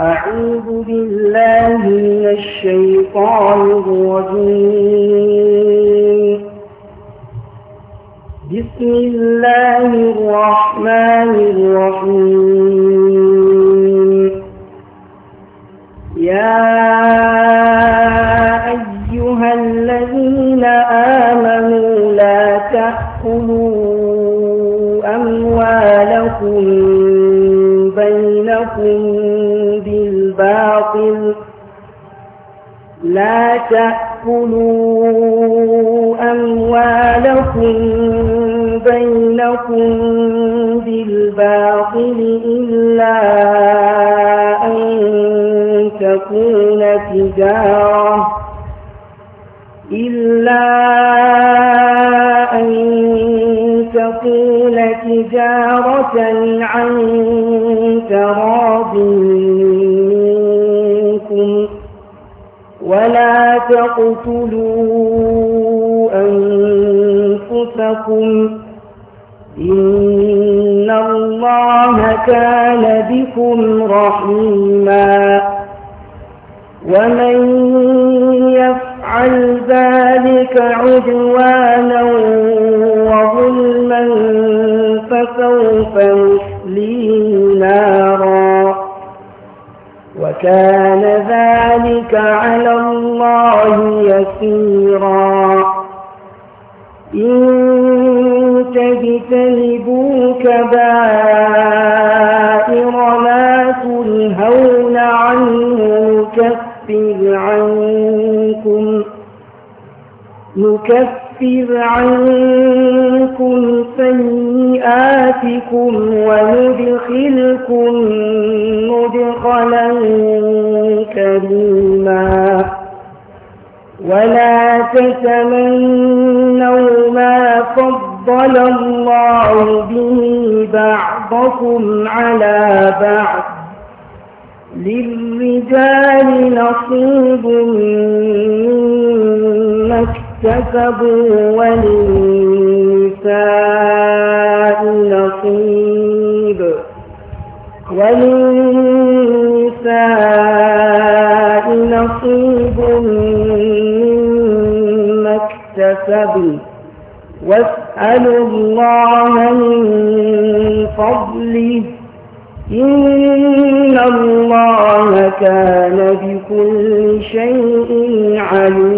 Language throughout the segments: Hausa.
أعوذ بالله من الشيطان الرجيم بسم الله الرحمن الرحيم تأكلوا أموالكم بينكم بالباطل إلا أن تكون تجارة إلا أن تكون تجارة عن تراضي تقتلوا أنفسكم إن الله كان بكم رحيما ومن يفعل ذلك عدوانا وظلما فسوف نصليه نارا وكان ذلك على كثيرا إن تجتنبوا كبائر ما تلهون عنه نكفر عنكم نكفر عنكم سيئاتكم وندخلكم مدخلا كريما ولا تتمنوا ما فضل الله به بعضكم على بعض للرجال نصيب مما اكتسبوا وللنساء نصيب وللنساء نصيب به واسألوا الله من فضله إن الله كان بكل شيء عليم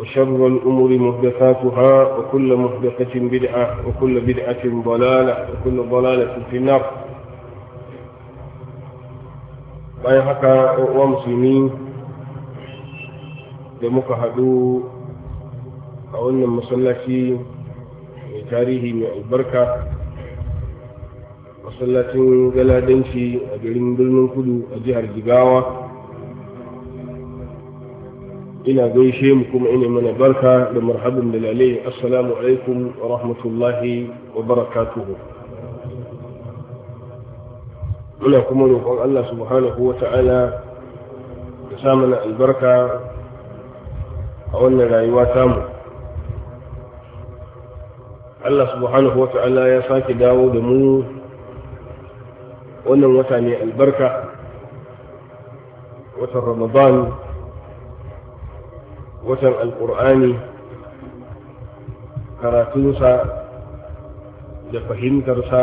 وشر الأمور محدثاتها وكل محدثة بدعة وكل بدعة ضلالة وكل ضلالة في النار bayan haka wa musulmi da muka haɗu a wannan masallaci mai tarihi mai albarka masallacin galadanci a garin birnin kudu a jihar jigawa ina gaishe mu kuma ina mana barka da marhaban da lalai assalamu alaikum wa rahmatullahi wa barakatuhu muna kuma roƙon Allah subhanahu wa ta'ala ya sa mana albarka a wannan rayuwa tamu Allah subhanahu wa ta'ala ya sake dawo da mu wannan wata ne albarka watan ramadan watan alkur'ani karatunsa da fahimtarsa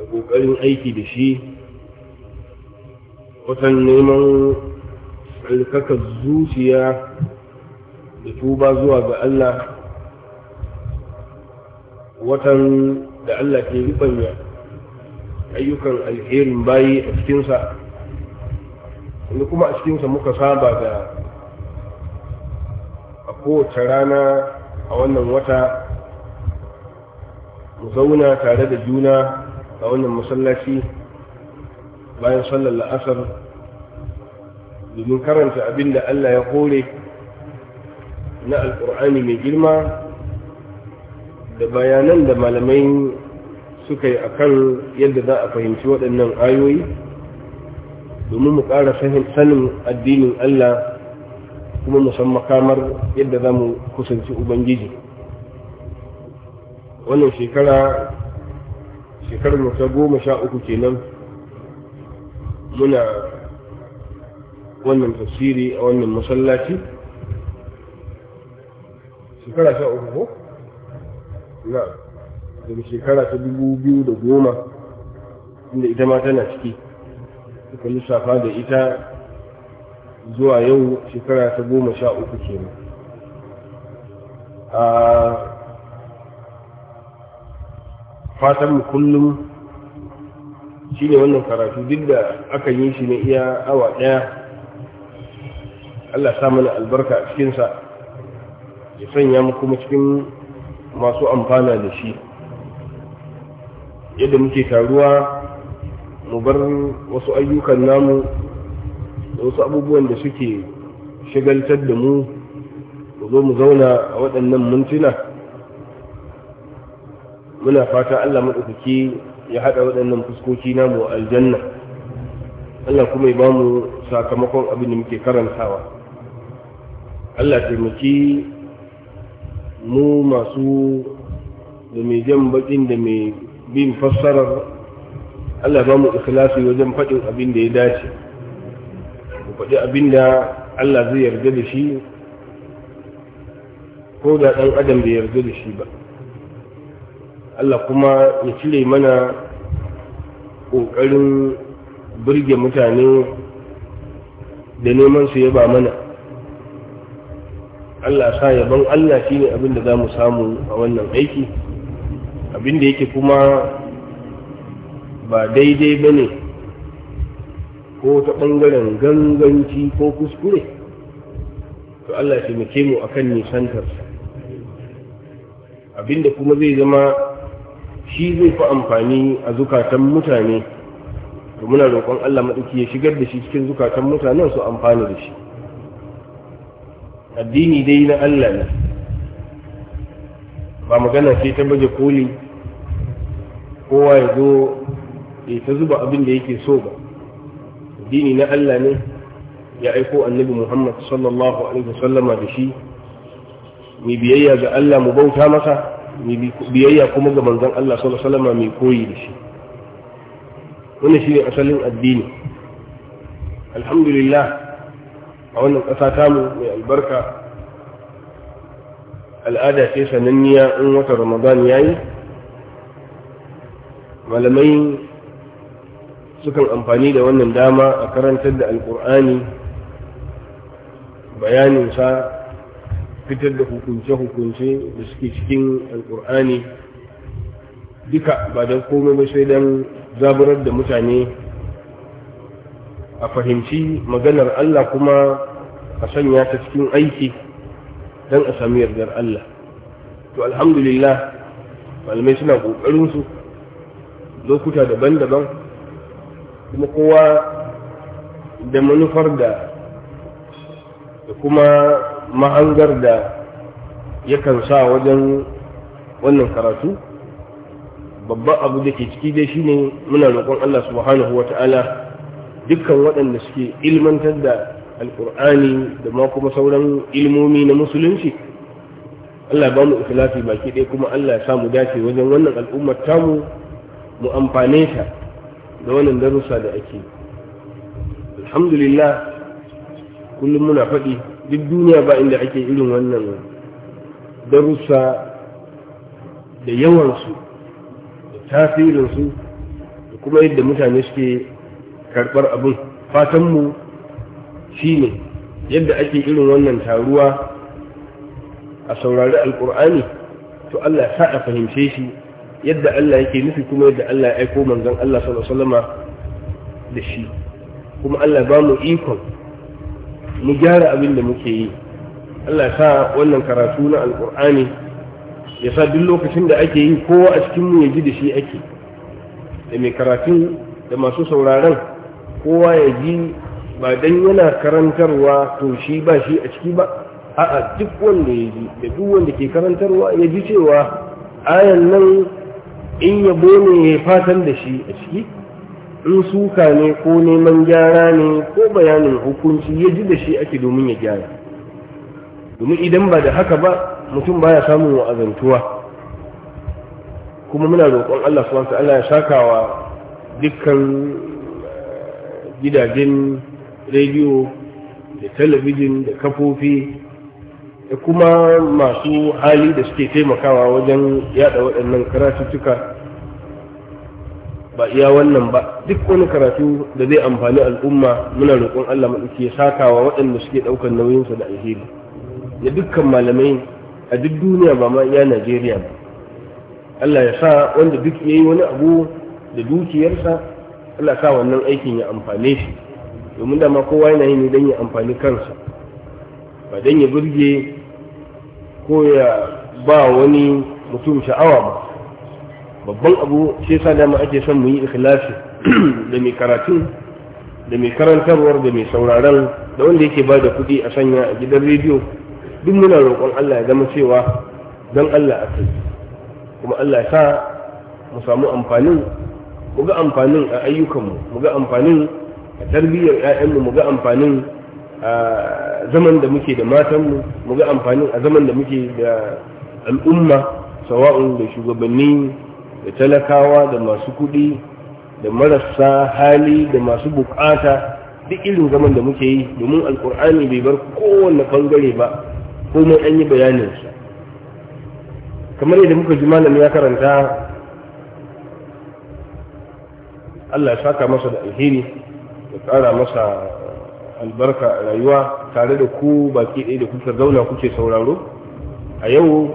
da ƙoƙarin aiki da shi watan neman tsarkakar zuciya da tuba zuwa ga Allah watan da Allah ke ribanya ayyukan alherin bayi a cikinsa kuma a cikinsa muka saba ga kowace rana a wannan wata mu zauna tare da juna a wannan masallaci bayan sallar la'asar domin karanta abin da Allah ya kore na alkur'ani mai girma da bayanan da malamai suka yi kan yadda za a fahimci waɗannan ayoyi domin mu ƙara sanin addinin Allah kuma mu san makamar yadda za mu kusanci ubangiji wannan shekara shekarar mu ta goma sha uku kenan muna wannan tafsiri a wannan masallaci shekara sha uku ko? na daga shekara ta dubu biyu da goma inda ita ma tana ciki suka lissafa da ita zuwa yau shekara ta goma sha uku kenan a fatan kullum shi ne wannan karatu duk da aka yi shi ne iya awa ɗaya allah sa mana albarka a cikinsa ya sanya mu kuma cikin masu amfana da shi yadda muke taruwa mu bar wasu ayyukan namu da wasu abubuwan da suke shigaltar da mu mu zo mu zauna a waɗannan mintuna muna fata Allah maɗaukaki ya haɗa waɗannan fuskoki namu aljanna Allah kuma ya mu sakamakon abin da muke karantawa Allah taimaki mu masu da mai jan bakin da mai bin fassarar Allah ba mu ikhlasi wajen faɗin abin da ya dace faɗi abin da Allah zai yarda da shi ko da ɗan adam bai yarda da shi ba Allah kuma ya cire mana ƙoƙarin birge mutane da neman su yaba mana Allah sa yaban Allah shine abin da za mu samu a wannan aiki abin da yake kuma ba daidai ba ne ko ta ɓangaren ganganci ko kuskure to Allah ya taimake mu akan nisantarsa abinda kuma zai zama shi zai fi amfani a zukatan mutane to muna roƙon Allah maɗauki ya shigar da shi cikin zukatan mutanen su amfana da shi addini dai na Allah ne ba magana ce ta baje koli kowa ya zo ya ta zuba abin da yake so ba dini na Allah ne ya aiko annabi Muhammad sallallahu alaihi wasallama da shi mu biyayya ga Allah mu bauta masa mu biyayya kuma ga manzan Allah sallallahu alaihi wasallama koyi da shi wannan shine asalin addini alhamdulillah a wannan ƙasa tamu mai albarka al'ada ce sananniya in wata ramadan yayi malamai sukan amfani da wannan dama a karantar da alkur'ani bayaninsa fitar da hukunce-hukunce da suke cikin alkur'ani duka ba da komai ba sai don zaburar da mutane a fahimci maganar Allah kuma a sanya ta cikin aiki don a sami yardar Allah to alhamdulillah malamai suna ƙoƙarinsu lokuta daban-daban kuma kowa da manufar da da kuma mahangar da yakan sa wajen wannan karatu babban abu da ke ciki dai shine muna roƙon Allah subhanahu wata'ala dukkan waɗanda suke ilmantar da alƙur'ani da ma kuma sauran ilmomi na musulunci Allah ba mu ikilafi baki ɗaya kuma Allah ya samu dace wajen wannan al'ummar tamu mu amfane ta da wannan darussa da ake alhamdulillah kullum muna faɗi duk duniya ba inda ake irin wannan darussa da yawansu da tasirinsu da kuma yadda mutane suke karɓar abin fatanmu shi ne yadda ake irin wannan taruwa a saurari alƙur'ani to allah sa a fahimce shi yadda Allah yake nufi kuma yadda Allah ya aiko manzon Allah sallallahu da shi kuma Allah ba mu ikon mu gyara abin da muke yi Allah sa wannan karatu na alkur'ani ya sa duk lokacin da ake yi kowa a cikin mu ya ji da shi ake da mai karatu da masu sauraron kowa ya ji ba dan yana karantarwa to shi ba shi a ciki ba a'a duk wanda ya ji da duk wanda ke karantarwa ya ji cewa ayan nan in yabo ne ya fatan da shi a ciki in suka ne ko neman gyara ne ko bayanin hukunci ya ji da shi ake domin ya gyara domin idan ba da haka ba mutum baya samun wa'azantuwa kuma muna roƙon Allah subhanahu Allah ya shakawa dukkan eh, gidajen rediyo da talabijin da kafofi da kuma masu hali da suke taimakawa wajen yada waɗannan karatuttuka ba iya wannan ba duk wani karatu da zai amfani al'umma muna roƙon Allah maɗauki ya sakawa waɗanda suke ɗaukar nauyinsa da alheri da dukkan malamai a duk duniya ba ma iya Najeriya ba Allah ya sa wanda duk ya yi wani abu da dukiyarsa Allah sa wannan aikin ya amfane shi domin da ma kowa yana yi ne don ya amfani kansa ba don ya burge ko ya ba wani mutum sha'awa ba babban abu sai sa dama ake son mu yi ikhlasi da mai karatun da mai karantarwar da mai sauraron da wanda yake ba da kuɗi a sanya a gidan rediyo duk muna roƙon Allah ya zama cewa don Allah a kai kuma Allah ya sa mu samu amfanin mu ga amfanin a ayyukanmu mu ga amfanin a tarbiyyar 'ya'yanmu mu ga amfanin a zaman da muke da matanmu mu ga amfani a zaman da muke da al'umma sawa'un da shugabanni da talakawa da masu kuɗi da marasa hali da masu bukata duk irin zaman da muke yi domin alkur'ani bai bar kowanne bangare ba ko mai an yi bayaninsa kamar yadda muka ji malam ya karanta Allah ya saka masa da alheri ya kara masa albarka a rayuwa tare da ku baki ɗaya da kuka zauna kuke sauraro a yau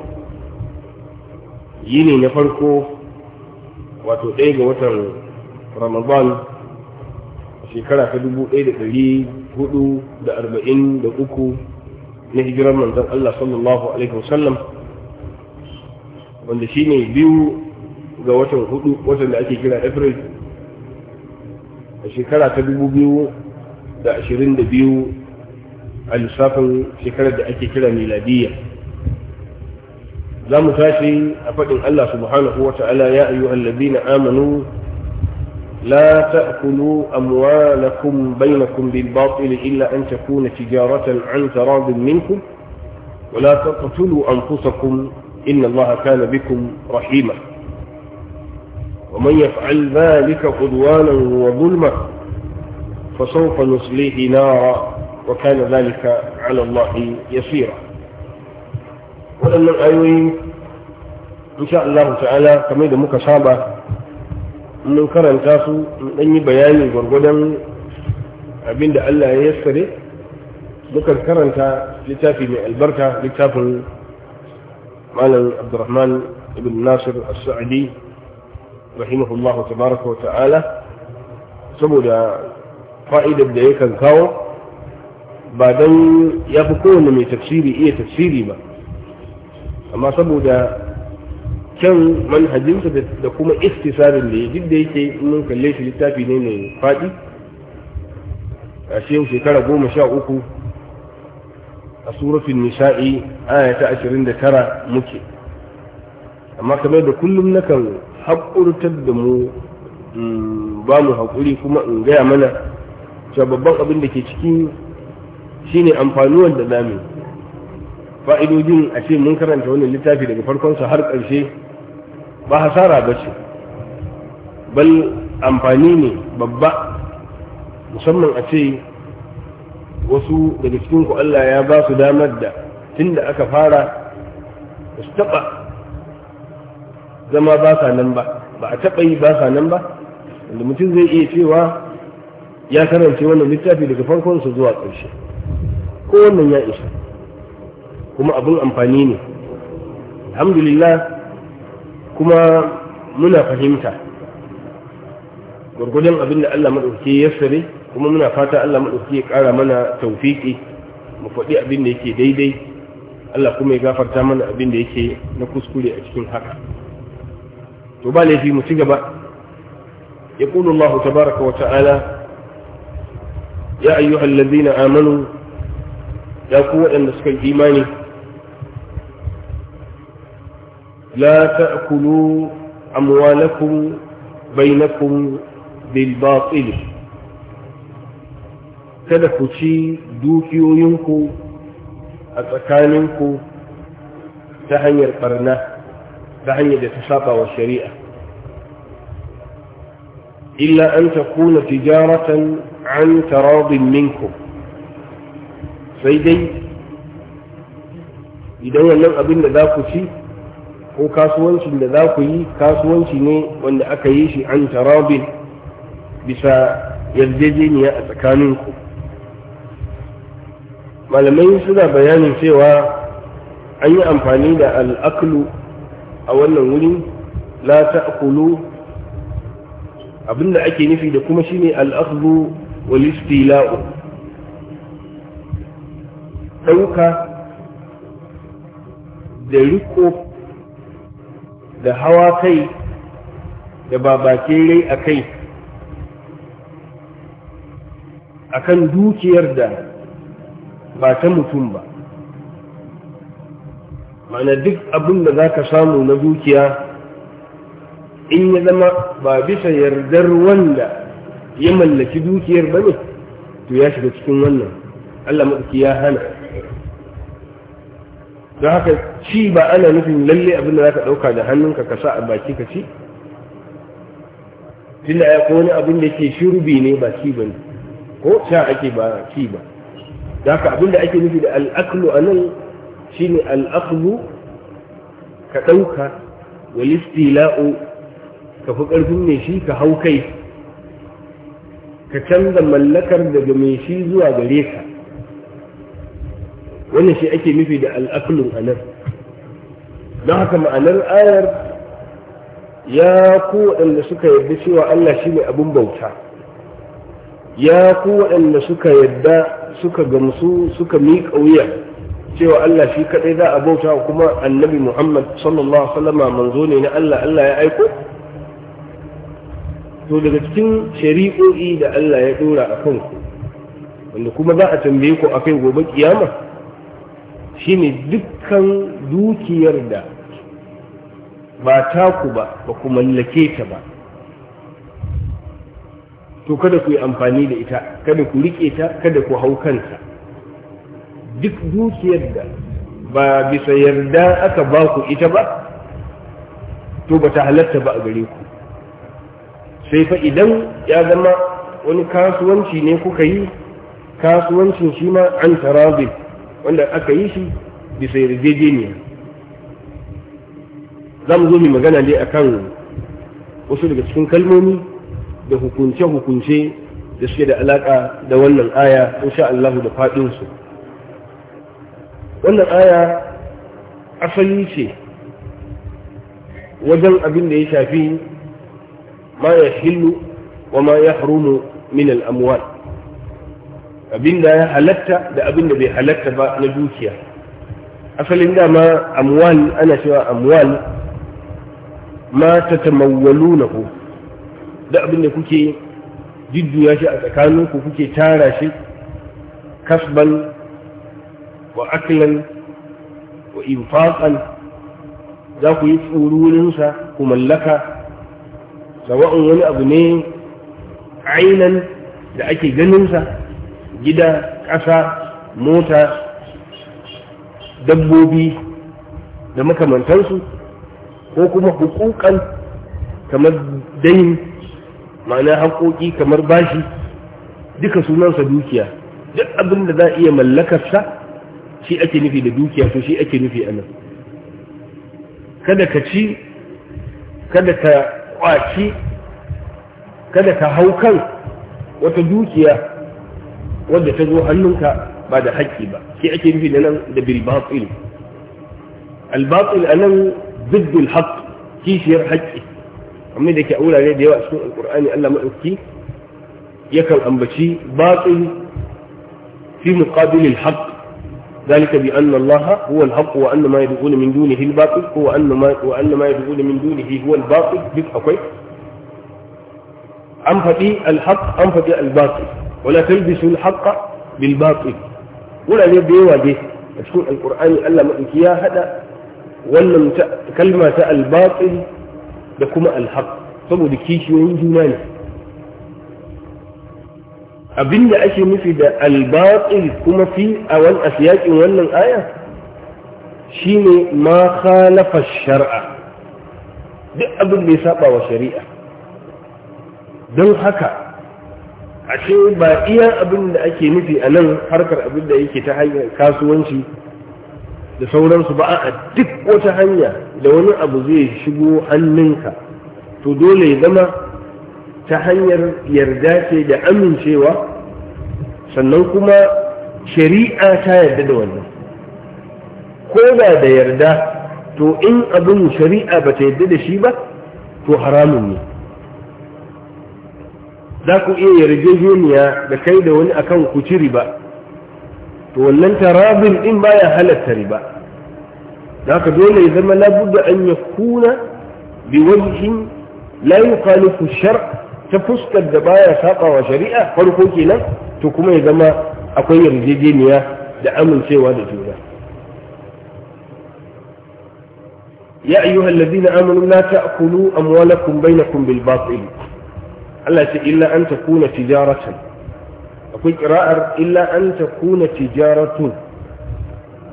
yi ne na farko wato ɗaya ga watan ramadan shekara ta dubu ɗaya da ɗari hudu da arba'in da uku na hijirar manzan Allah sallallahu alaihi wasallam wanda shine biyu ga watan hudu watan da ake kira april a shekara ta dubu biyu da ashirin da biyu a lissafan shekarar da ake kira miladiyya za mu tashi a faɗin Allah subhanahu wa ta'ala ya ayu allabi na amanu la ta'kulu amwalakum bainakum bil batil illa an takuna tijaratan an taradin minkum wa la taqtulu anfusakum inna Allah kana bikum rahima ومن يفعل ذلك عدوانا وظلما فسوف نصليه نارا وكان ذلك على الله يسيرا ولما الايوي ان شاء الله تعالى كما اذا من كرن تاسو من اني بياني غرغدن ابين ده الله ييسري مكا كرنتا لتافي من البركه لتاف مال عبد الرحمن ابن ناصر السعدي رحمه الله تبارك وتعالى سمو fa'idar da yakan kawo ba don ya fi kowane mai tafsiri iya tafsiri ba amma saboda kyan manhajinsa da kuma istisarin da ya duk da yake mun kalle shi littafi ne mai faɗi a shekara goma sha uku a surafin nisa'i aya ta ashirin da tara muke amma kamar da kullum nakan haƙurtar da mu mm, ba mu haƙuri kuma in gaya mana cewa babban abin da ke ciki shine amfanuwar da zamu fa'idojin a ce mun karanta wannan littafi daga farkonsa har ƙarshe ba hasara ba ce bal amfani ne babba musamman a ce wasu daga cikinku Allah ya ba su damar da tun aka fara ba su taɓa zama ba sa nan ba ba a taɓa yi ba sa nan ba wanda mutum zai iya cewa ya karance wannan littafi daga farkon su zuwa ƙarshe ko wannan ya isa kuma abin amfani ne alhamdulillah kuma muna fahimta gurgudun abin da Allah maɗauki ya sare kuma muna fata Allah maɗauki ya ƙara mana taufiƙi mu faɗi abin da yake daidai Allah kuma ya gafarta mana abin da yake na kuskure a cikin haka to ba laifi mu ci gaba Allah tabaraka wa ta'ala يا أيها الذين آمنوا يا قوة النسك الإيمان لا تأكلوا أموالكم بينكم بالباطل تدكوا شيء دوكيو ينكو أتكاننكو تهني القرنة تهني لتشابة والشريعة إلا أن تكون تجارة an taradin minku sai dai idan wannan abin da za ku ci ko kasuwancin da za ku yi kasuwanci ne wanda aka yi shi an tarabin bisa yarjejeniya a tsakaninku malamai suna bayanin cewa an yi amfani da al'aklu a wannan wuri la ta'kulu abinda ake nufi da kuma shine al'aklu walistila'u ɗauka da riko da hawa kai da babakin rai a kai a kan dukiyar da ba ta mutum ba mana duk abin da za ka samu na dukiya in ya zama ba bisa yardar wanda ya mallaki dukiyar ba ne to ya shiga cikin wannan Allah maɗauki ya hana don haka ci ba ana nufin lalle abin da za ka ɗauka da hannunka ka sa a baki ka ci tunda ya ko wani abin da ke shirbi ne ba ci ba ne ko sha ake ba ci ba don haka abin da ake nufi da al'aklu a nan shi ne al'aklu ka ɗauka walistila ka fi ƙarfin ne shi ka hau kai ka canza mallakar daga mai shi zuwa gare ka wannan shi ake nufi da al'aklun a nan don haka ma'anar ayar ya ku waɗanda suka yarda cewa Allah shi ne abin bauta ya ku waɗanda suka yarda suka gamsu suka miƙa wuya cewa Allah shi kaɗai za a bauta kuma annabi Muhammad sallallahu alaihi wasallama manzo ne na Allah Allah ya aiko to daga cikin shari'o'i da Allah ya dora a kanku wanda kuma za a tambaye ku akai gobe kiyama shine dukkan dukiyar da ba taku ba ba ku mallake ta ba to kada ku yi amfani da ita kada ku rike ta kada ku hau kanta duk dukiyar da ba bisa yarda aka ba ku ita ba to ba ta halatta ba a gare ku sai fa idan ya zama wani kasuwanci ne kuka yi kasuwancin shi ma an tarazi wanda aka yi shi bisa yarjejeniya za mu zo mai magana dai akan wasu daga cikin kalmomi da hukunce-hukunce da suke da alaka da wannan aya insha Allah da faɗinsu wannan aya asali ce wajen abin da ya shafi ma ya hillu wa ma ya harumu minal al'amwal abinda ya halatta da abinda bai halatta ba na dukiya asalin dama amwal ana cewa amwal ma ta ku da abinda kuke jidduya shi a tsakaninku kuke tara shi kasban wa aklan wa infaqan za ku yi tsururinsa ku mallaka sawa'un wani abu ne ainan da ake ganinsa gida ƙasa mota dabbobi da makamantansu ko kuma hukukan kamar dain ma'ana haƙoƙi kamar bashi duka sunansa dukiya duk abin da za a iya mallakarsa shi ake nufi da dukiya to shi ake nufi a nan kada ka ci kada ka kwaci kada ka hau kan wata dukiya wadda ta zo hannunka ba da haƙƙi ba shi ake nufi da nan da bil batil al batil anan ziddul haqq kishiyar haƙƙi amma da ke a wurare da yawa cikin alƙur'ani Allah madauki yakan ambaci batil fi muqabil al ذلك بأن الله هو الحق وأن ما يدعون من دونه الباطل هو أن ما وأن ما يدعون من دونه هو الباطل بس أوكي أنفتي الحق أنفتي الباطل ولا تلبسوا الحق بالباطل ولا يبدي واجه تكون القرآن ألا ما يا هذا ولا كلمة الباطل لكم الحق فمو دكيش وين جناني abinda ake nufi da albatil kuma fi a wani asiyakin wannan aya shine ma khalafa shari'a duk abin da ya saba wa shari'a don haka a ce ba iya abin da ake nufi a nan harkar abin da yake ta hanyar kasuwanci da sauransu ba a duk wata hanya da wani abu zai shigo hannunka to dole ya zama ta hanyar yarda ce da amincewa sannan kuma shari'a ta yarda da wannan ko da da yarda to in abin shari'a ba ta yarda da shi ba to haramun ne za ku iya yarjejeniya da kai da wani akan ku ci riba to wannan tarabin din baya halatta riba za ka dole ya zama labuda an ya kuna biwajihin la yukhalifu shar' ta fuskar da baya sabawa shari'a farko kenan to kuma ya zama akwai yarjejeniya da amincewa da juna ya ayyuhal ladina amanu la ta'kulu amwalakum bainakum bil batil Allah ce illa an takuna tijaratan akwai qira'ar illa an takuna tijaratun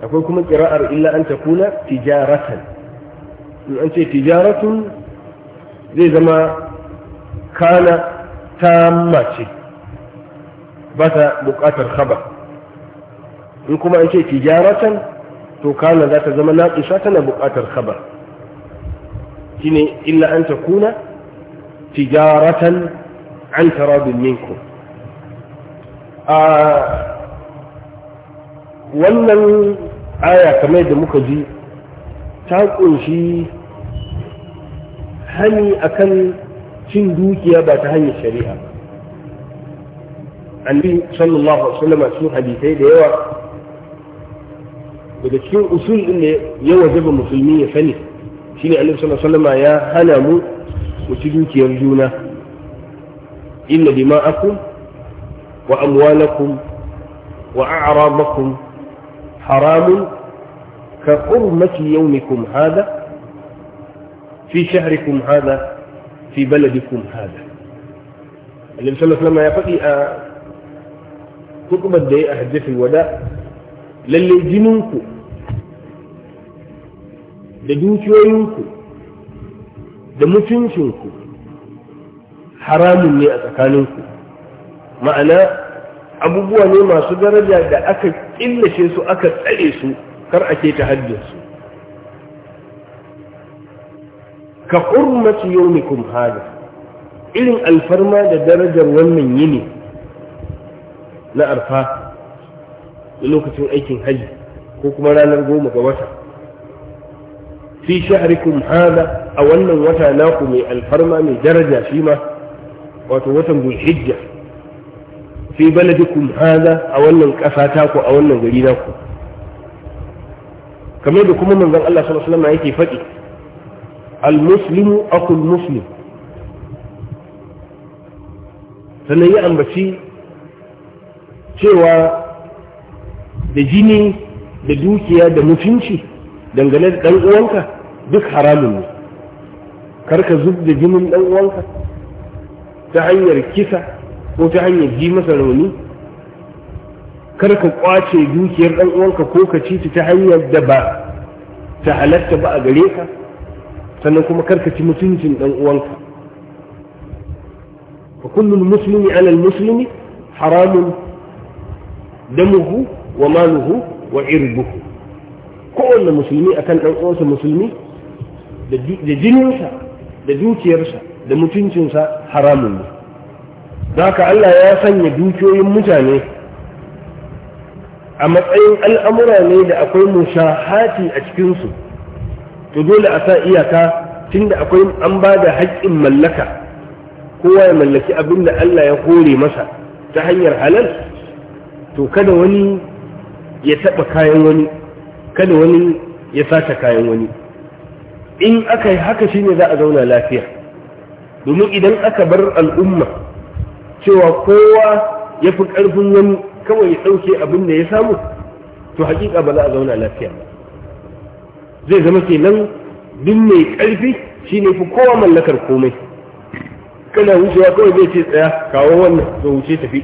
akwai kuma qira'ar illa an takuna tijaratan in an ce tijaratun zai zama kana ta mace ba ta buƙatar khabar in kuma an ce tijaratan to kana za ta zama naƙisa tana buƙatar khabar shine illa an ta kuna tijaratan an tarabin minkum a wannan aya kamar da muka ji ta kunshi hani akan cin dukiya ba ta hanyar shari'a annabi sallallahu alaihi wasallam cikin hadisai da yawa daga cikin usul din ne ya wajaba musulmi ya sani shine annabi sallallahu alaihi wasallam ya hana mu mu ci dukiyar juna inna dima'akum wa amwalakum wa a'radakum haramun ka hurmati yawmikum hada fi shahrikum hada fi baladikum hada sallallahu alaihi ya faɗi a hukumar da ya a hajjatul wada lalle jininku da dukiyoyinku da mutuncinku haramun ne a tsakaninku ma'ana abubuwa ne masu daraja da aka killace su aka tsare su kar a ke ta haddinsu ka hurmati yawmikum hada irin alfarma da darajar wannan yini na arfa da lokacin aikin haji ko kuma ranar goma ga wata fi shahrikum hada a wannan wata naku mai alfarma mai daraja shi ma wato watan bulhijja fi baladikum hada a wannan ƙasa taku a wannan gari naku kamar da kuma manzon Allah sallallahu alaihi wasallam yake faɗi al-muslimu akul muslim sannan yi ambaci cewa da jini da dukiya da mutunci dangane da ɗanuwanka uwanka duk haramun ne karka zub da jinin ɗan uwanka ta hanyar kisa ko ta hanyar ji masa rauni karka kwace dukiyar ɗanuwanka uwanka ko ka ci ta hanyar da ba ta halatta ba a gare ka sannan kuma karkaci mutuncin dan uwanka wa kullum muslimi ala muslimi haramun damuhu wa maluhu wa irbuhu kowanne musulmi akan dan musulmi da jininsa da dukiyarsa da mutuncinsa haramun ne Zaka Allah ya sanya dukiyoyin mutane a matsayin al'amura ne da akwai mushahati a cikinsu to dole a sa iyaka tunda akwai an ba da haƙƙin mallaka kowa ya mallaki abin da Allah ya hore masa ta hanyar halal to kada wani ya taɓa kayan wani kada wani ya sace kayan wani in aka yi haka shine za a zauna lafiya domin idan aka bar al'umma cewa kowa ya fi ƙarfin wani kawai ya ɗauke abin da ya samu to haƙiƙa ba za a zauna lafiya ba zai zama kenan duk mai karfi shi ne fi kowa mallakar komai kana wucewa kawai zai ce tsaya kawo wannan zai wuce tafi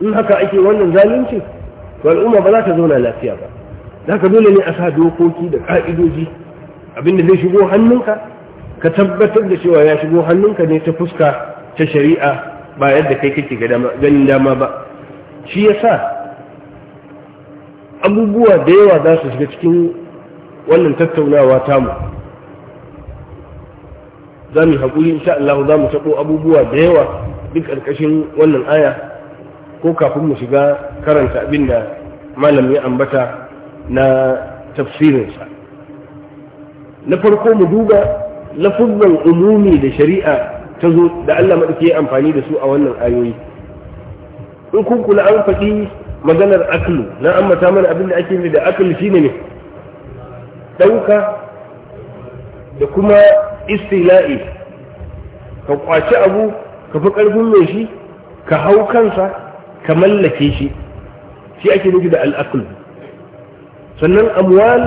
in haka ake wannan zalunci to al'umma ba za ta zauna lafiya ba za ka dole ne a sa dokoki da ka'idoji abinda zai shigo hannunka ka tabbatar da cewa ya shigo hannunka ne ta fuska ta shari'a ba yadda kai kake ganin dama ba shi yasa abubuwa da yawa za su shiga cikin wannan tattaunawa tamu za mu haƙuri insha Allah za mu taɓo abubuwa da yawa duk ƙarƙashin wannan aya ko kafin mu shiga karanta abin da malam ya ambata na tafsirinsa na farko mu duba lafuzan umumi da shari'a ta zo da Allah maɗauki ya amfani da su a wannan ayoyi in kun kula an faɗi maganar aklu na ambata mana abin da ake da aklu shine ne ɗauka da kuma istila'i ka kwaci abu ka fi ƙarfin mai shi ka hau kansa ka mallake shi shi ake nufi da al'akul sannan amuwal,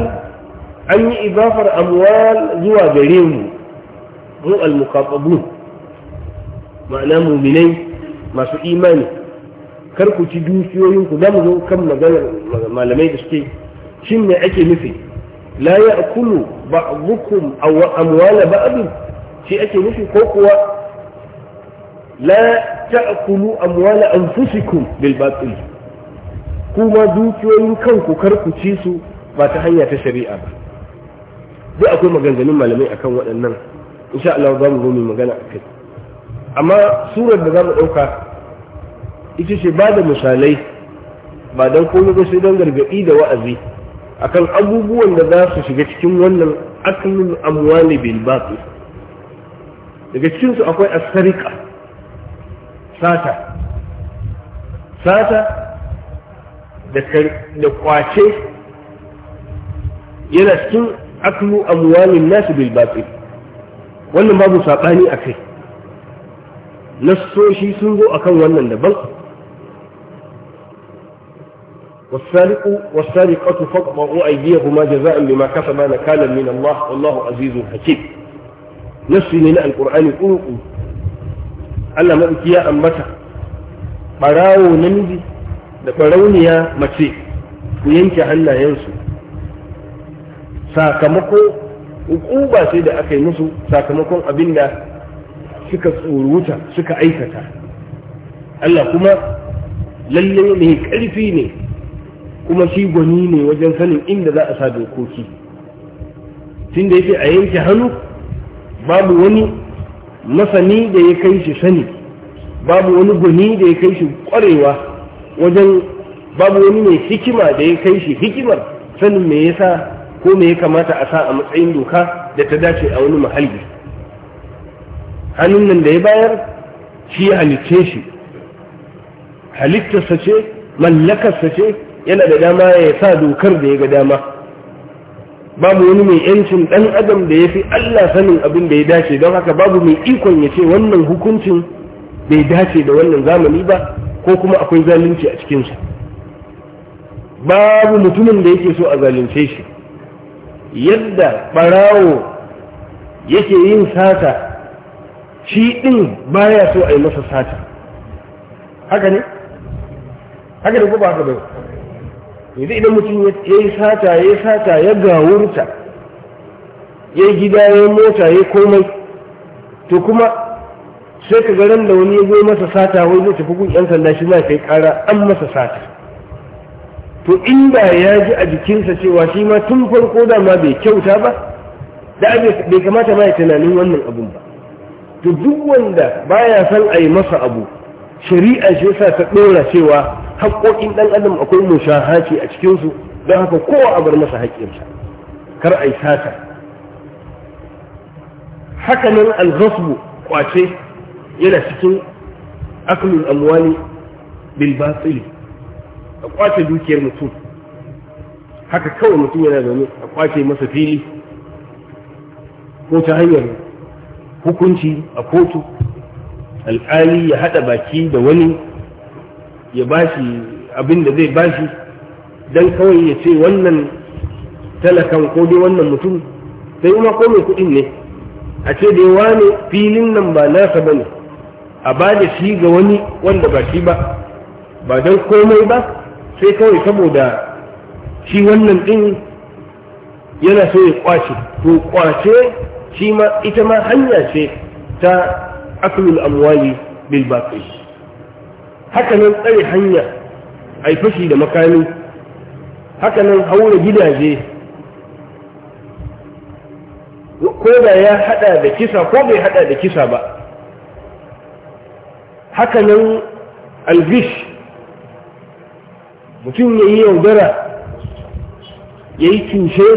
an yi ibafar amuwal zuwa gare mu mu al-muqatabun ma'ana muminai masu imani kar ku ci dukiyoyinku za mu zo kan maganar malamai da suke shin ne ake nufi la ya'kulu ba'dukum aw amwala ba'd shi ake nufi ko kuwa la ta'kulu amwala anfusikum bil batil kuma dukiyoyin kanku kar ku ci su ba ta hanya ta shari'a ba duk akwai maganganun malamai akan waɗannan insha Allah za mu zo magana magana kai amma surar da za mu ɗauka ita ce ba da misalai ba don komai ba sai don gargaɗi da wa'azi akan abubuwan da za su shiga cikin wannan aklul amwali bil batil daga cikinsu akwai asarika sata sata da kwace yana cikin aklu amwalin nasu bil batil wannan babu saɓani sabani akai nassoshi sun zo akan wannan daban والسارق والسارقة فاقطعوا أيديهما جزاء بما كسبا نكالا من الله والله عزيز حكيم نفسي من القرآن قلوب Allah maɗauki ya ambata ɓarawo namiji da ɓarauniya mace ku yanke hannayensu sakamako hukuba sai da aka yi musu sakamakon abin da suka tsoruta suka aikata Allah kuma lallai mai ƙarfi ne kuma shi gwani ne wajen sanin inda za a sa dokoki tun da yake a yanke hannu babu wani masani da ya kai shi sani babu wani gwani da ya kai shi kwarewa wajen babu wani mai hikima da ya kai shi hikimar sanin me yasa ko me ya kamata a sa a matsayin doka da ta dace a wani mahalli hannun nan da ya bayar shi ya halicce shi halittarsa ce mallakarsa ce yana da dama ya sa dokar da ya ga dama babu wani mai yancin dan adam da ya fi Allah sanin abin da ya dace don haka babu mai ikon ya ce wannan hukuncin bai dace da wannan zamani ba ko kuma akwai zalunci a cikinsa babu mutumin da yake so a zalunce shi yadda barawo yake yin sata shi ɗin baya so a yi masa sata haka ne? haka da ku ba haka bai yanzu idan mutum ya yi sata ya yi sata ya gawurta ya yi gida ya mota ya komai to kuma sai ka garin da wani ya zo masa sata wai zai tafi kun yan sanda shi zai kai kara an masa sata to inda ya ji a jikinsa cewa shi ma tun farko da ma bai kyauta ba da bai kamata ma ya tunanin wannan abun ba to duk wanda baya san a yi masa abu shari'a shi yasa ta ɗora cewa haƙoƙin ɗan adam akwai mushahaci a cikinsu don haka kowa a bar masa haƙƙinsa kar a yi sata hakanan alghasbu kwace yana cikin aklul amwali bil a kwace dukiyar mutum haka kawai mutum yana zaune a kwace masa fili ko ta hanyar hukunci a kotu alƙali ya haɗa baki da wani ya bashi abin da zai bashi don kawai ya ce wannan talakan ko dai wannan mutum sai kuma ko mai kuɗin ne a ce da yawa wane filin nan ba nasa ba ne a ba da shi ga wani wanda ba shi ba ba don komai ba sai kawai saboda shi wannan ɗin yana so ya kwace to kwace shi ma ita ma hanya ce ta aklul amwali bil haka nan tsare hanya ai fashi da makami haka nan haura gidaje ko da ya hada da kisa ko bai hada da kisa ba haka nan mutum ya yi yaudara ya yi cushe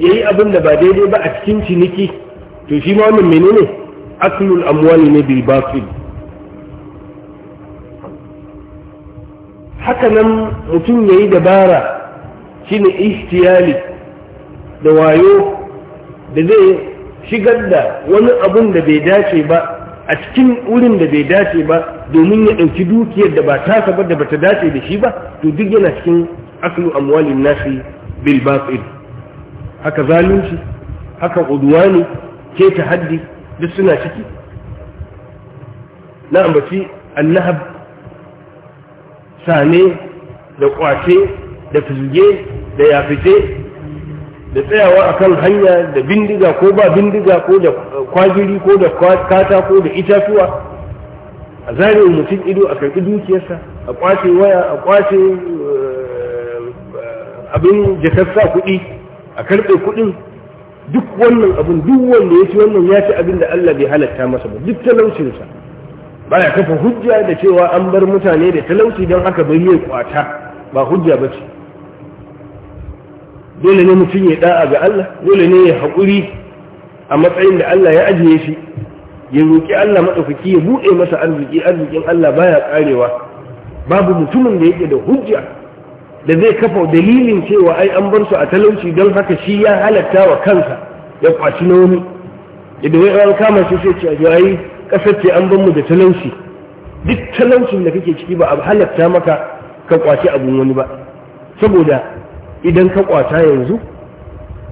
ya yi abin da ba daidai ba a cikin ciniki to shi ma wannan menene aklul amwali ne bil batil haka nan mutum ya yi dabara shine istiyali da wayo da zai shigar da wani abun da bai dace ba a cikin wurin da bai dace ba domin ya ɗauki dukiyar da ba ta ba da bata dace da shi ba to duk yana cikin aklu amwalin nasi bil batil haka zalunci haka udwani ke haddi duk suna ciki na ambaci annahab sane da kwace da fizge da yafice da tsayawa akan hanya da bindiga ko ba bindiga ko da kwagiri ko da kata ko da itatuwa a zare mutum ido a karki dukiyarsa a kwace waya a kwace eh, abin jakassa kuɗi a karɓe kuɗin duk wannan abin duk wanda ya ci wannan ya ci abin da Allah bai halatta masa ba duk talaucinsa baya kafa hujja da cewa an bar mutane da talauci don aka bai kwata ba hujja ba ce dole ne mutum ya da'a ga Allah dole ne ya haƙuri a matsayin da Allah ya ajiye shi ya roƙi Allah matsafiki ya buɗe masa arziki arzikin Allah baya ƙarewa babu mutumin da yake da hujja da zai kafa dalilin cewa ai an bar su a talauci don haka shi ya halatta wa kansa ya kwaci na wani idan an kama shi sai ce ai ƙasar ce an ban mu da talauci duk talaucin da kake ciki ba a halatta maka ka kwace abin wani ba saboda idan ka kwata yanzu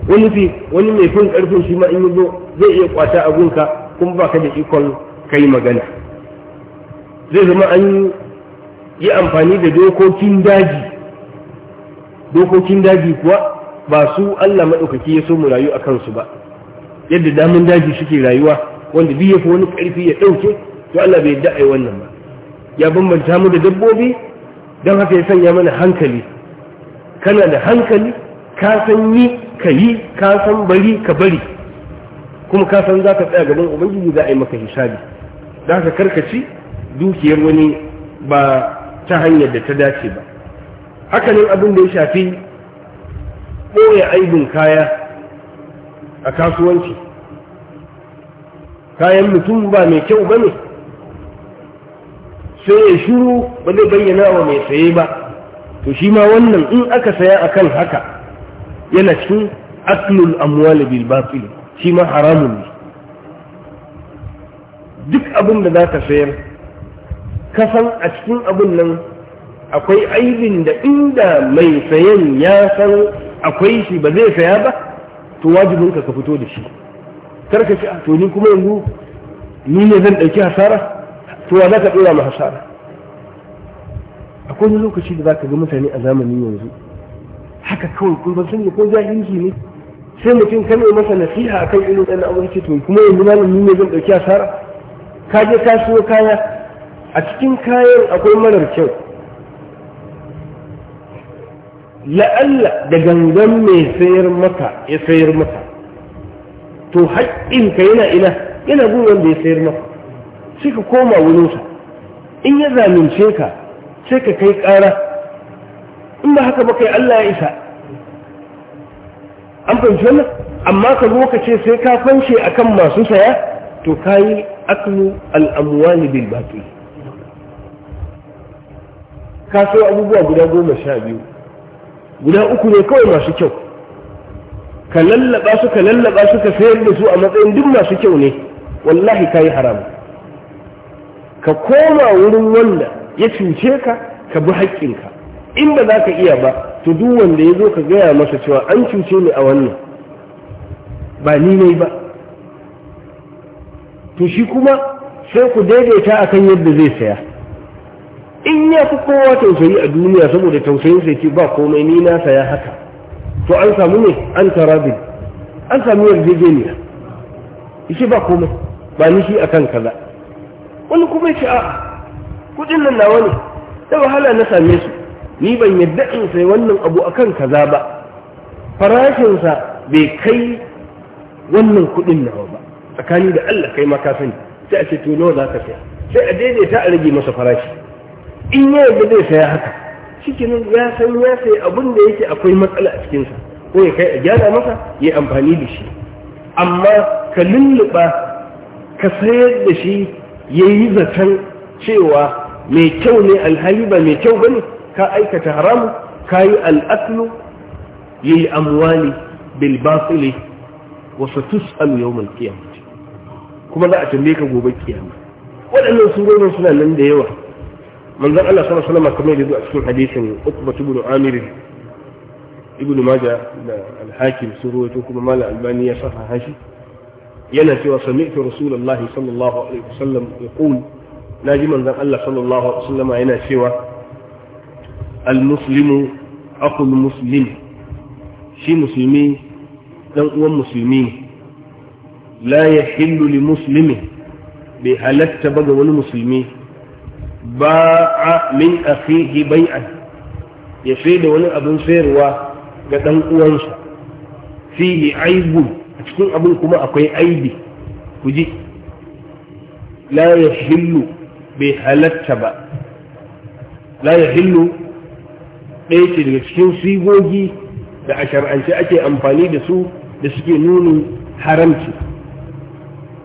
wani fi wani mai fin ƙarfin shi ma in yi zo zai iya kwata ka kuma ba ka da ikon kai magana zai zama an yi amfani da dokokin daji dokokin daji kuwa ba su Allah maɗaukaki ya so mu rayu a kansu ba yadda damin daji suke rayuwa wanda duk fi wani karfi ya ɗauke to Allah bai yadda wannan ba ya bambanta mu da dabbobi don haka ya sanya mana hankali kana da hankali ka san yi ka yi ka san bari ka bari kuma ka san za ka tsaya gaban ubangiji za a yi maka hisabi za ka karkaci dukiyar wani ba ta hanyar da ta dace ba haka ne abin da ya shafi ɓoye aibin kaya a kasuwanci kayan mutum ba mai kyau ba ne sai ya shuru ba zai bayyana wa mai saye ba to shi ma wannan in aka saya akan haka yana cikin aklul amwal bil batil shi ma haramun ne duk abin da za ka sayar kasan a cikin abin nan akwai aibin da inda mai sayan ya san akwai shi ba zai saya ba to wajibinka ka fito da shi karka ce a ah, toni kuma yanzu ni ne zan ɗauki hasara to wa za ka ɗora ma hasara akwai lokaci da za ka ga mutane a zamani yanzu haka kawai kun ban sani ko jahilci ne sai mutum kan yi masa nasiha akan irin ɗan abin ce to kuma yanzu na ni ne zan ɗauki hasara ka je ka siyo kaya a cikin kayan akwai marar kyau la'alla da gangan mai sayar maka ya sayar maka to haƙƙinka yana ina yana gun wanda ya sayar maka sai ka koma wurinsa in ya zamince ka sai ka kai ƙara in ba haka ba kai Allah ya isa an fahimci wannan amma ka zo ka ce sai ka fanshe akan masu saya to kayi aklu al'amwani bil batil ka so abubuwa guda goma sha biyu guda uku ne kawai masu kyau ka lallaba su ka lallaba su ka sayar da su a matsayin duk masu kyau ne wallahi ka yi haram ka koma wurin wanda ya cuce ka ka bi haƙƙinka in ba za ka iya ba to duk wanda ya zo ka gaya masa cewa an cuce ni a wannan ba ni ne ba to shi kuma sai ku daidaita akan yadda zai saya in ya fi kowa tausayi a duniya saboda tausayin sai ce ba komai ni na saya haka to an samu ne an tarabin an samu yarjejeniya ishe ba komai ba ni shi akan kaza wani kuma ce a kudin nan nawa ne da wahala na same su ni ban yadda in sai wannan abu akan kaza ba farashinsa bai kai wannan kudin nawa ba tsakani da Allah kai ma ka sani sai a ce to nawa za ka saya sai a daidaita a rage masa farashi in ya yadda zai saya haka cikin ya san ya sai abin da yake akwai matsala a cikinsa ko ya kai a gyara masa ya amfani da shi amma ka lulluɓa ka sayar da shi ya yi zaton cewa mai kyau ne alhali ba mai kyau ba ne, ka aikata haramu ka yi al'aslu ya yi amwali bilbasili wasu tus'alu yau mulkiyar kuma za a tambaye ka gobe kiyama waɗannan suna nan da yawa manzon Allah sallallahu alaihi kamar yadda a cikin hadisin Uqba ibn Amir ibn Majah da al-Hakim sun ruwaito kuma Malam Albani ya sahaha shi yana cewa sami'tu Rasulullahi sallallahu alaihi wasallam yaqul naji manzon Allah sallallahu alaihi wasallam yana cewa al-muslimu aqul muslim shi musulmi dan uwan musulmi la yahillu li muslimi bai halatta ba ga wani musulmi ba a min akhihi bai'an ya da wani abin sayarwa ga ɗan uwansa fihi aibu a cikin abin kuma akwai aibi ku ji la hillu bai halatta ba la hillu ɗaya ce daga cikin sigogi da a shar'ance ake amfani da su da suke nunin haramci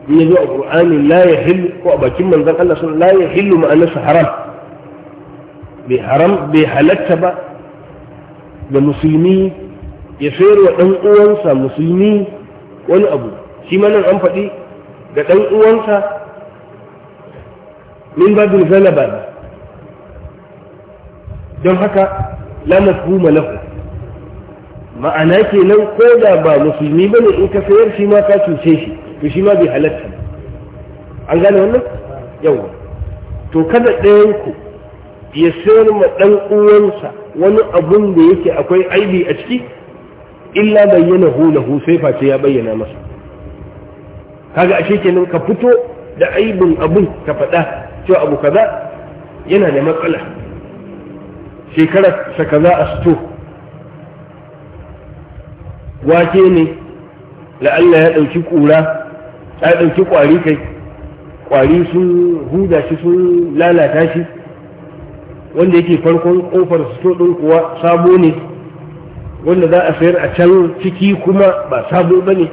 in ya zo a qur'ani la ya yahillu ko a bakin manzon Allah sun la ya yahillu ma'anarsa haram bai haram bai halatta ba da musulmi ya sayar wa ɗan uwansa musulmi wani abu shi ma nan an faɗi ga ɗan uwansa min babin zalaba ne don haka la mafhuma lahu ma'ana kenan ko da ba musulmi bane in ka sayar shi ma ka cuce shi to shi ma bai halatta an gane wannan yawa to kada ɗayan ku ya sayar ma ɗan uwansa wani abun da yake akwai aibi a ciki illa bayyana hu sai face ya bayyana masa kaga ashe kenan ka fito da aibin abun ka faɗa cewa abu kaza yana da matsala shekarar sa kaza a sto wake ne la'alla ya ɗauki ƙura ka ɗauki ƙwari kai ƙwari sun huda shi sun lalata shi wanda yake farkon ƙofar sito ɗin kuwa sabo ne wanda za a sayar a can ciki kuma ba sabo ba ne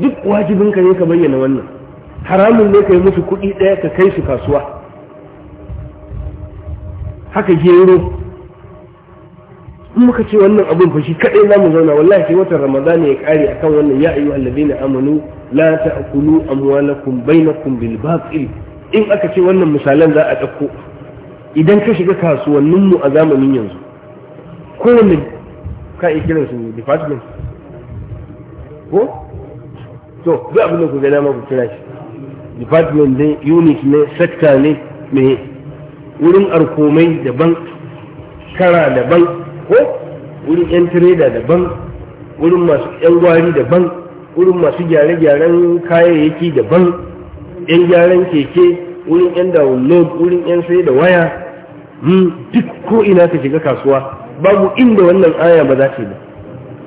duk wajibinka ne ka bayyana wannan haramun ne ka yi musu kuɗi ɗaya ka kai su kasuwa haka gero in muka ce wannan abun fa shi kadai zamu zauna wallahi sai watan ramadan ya kare akan wannan ya ayyuhal ladina amanu la ta'kulu amwalakum bainakum bil batil in aka ce wannan misalan za a dauko idan ka shiga kasuwannin mu a zamanin yanzu ne ka yi kiran su department ko to duk abin da ku ga dama ku kira shi department ne unit ne sector ne me wurin arkomai daban kara daban ko wurin yan tireda daban wurin masu yan gwari daban wurin masu gyare-gyaren kayayyaki daban yan gyaran keke wurin yan download wurin yan sai da waya hmm, duk ko ina ka shiga kasuwa babu inda wannan aya ba za ta yi ba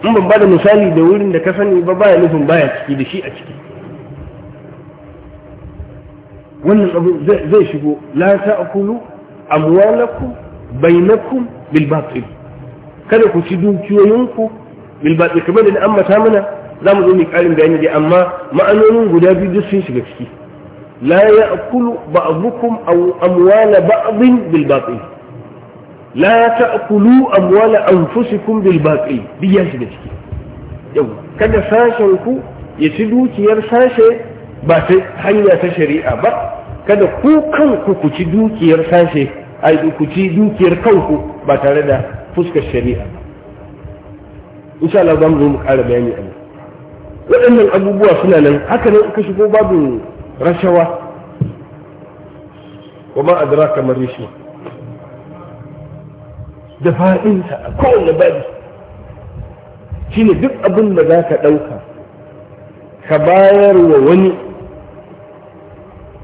in ban bada misali da wurin da ka sani ba baya nufin baya ciki da shi a ciki wannan abu zai shigo la ta'kulu amwalakum bainakum bil batil kada ku ci dukiyoyinku bilbaɗe kamar da an mata mana za mu zo mu karin bayani dai amma ma'anonin guda biyu duk sun shiga ciki la ba ba'dukum aw amwala ba abin bilbaɗe? la kulu amwala anfusikum bil bilbaɗe duk ya shiga ciki yau kada sashen ku ya ci dukiyar sashe ba ta hanya ta shari'a ba kada ku kanku ku ci dukiyar sashe ai ku ci dukiyar kanku ba tare da fuskar shari'a insha Allah za mu zo mu ƙara bayani a waɗannan abubuwa suna nan haka nan ka shigo babu rashawa wa ma adra kamar rashawa da fa'inta a kowane babu shine duk abin da za ka ɗauka ka bayar wa wani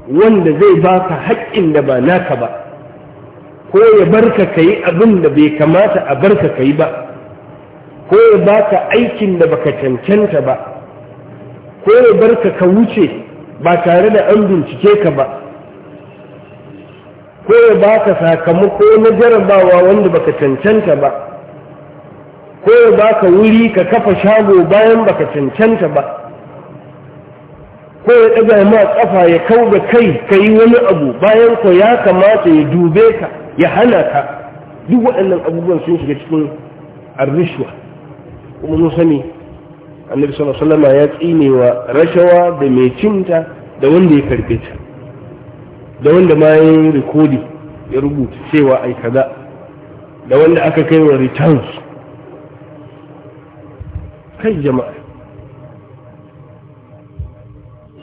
wanda zai baka haƙƙin da ba naka ba ko ya barka kai abin da bai kamata a barka kai ba ko ya baka aikin da baka cancanta ba ko ya barka ka wuce ba tare da an bincike ka ba ko ya baka sakamako na jarabawa wanda baka cancanta ba ko ya baka wuri ka kafa shago bayan baka cancanta ba ko ya ɗaga ma ƙafa ya kau da kai ka yi wani abu bayan ko ya kamata ya dube ka ya hana ka duk waɗannan abubuwan sun shiga cikin arrishwa kuma mun sani annabi sallallahu alaihi wasallam ya tsinewa rashawa da mai cinta da wanda ya karbe ta da wanda ma ya yi rikodi ya rubuta cewa ai kaza da wanda aka kai wa returns kai jama'a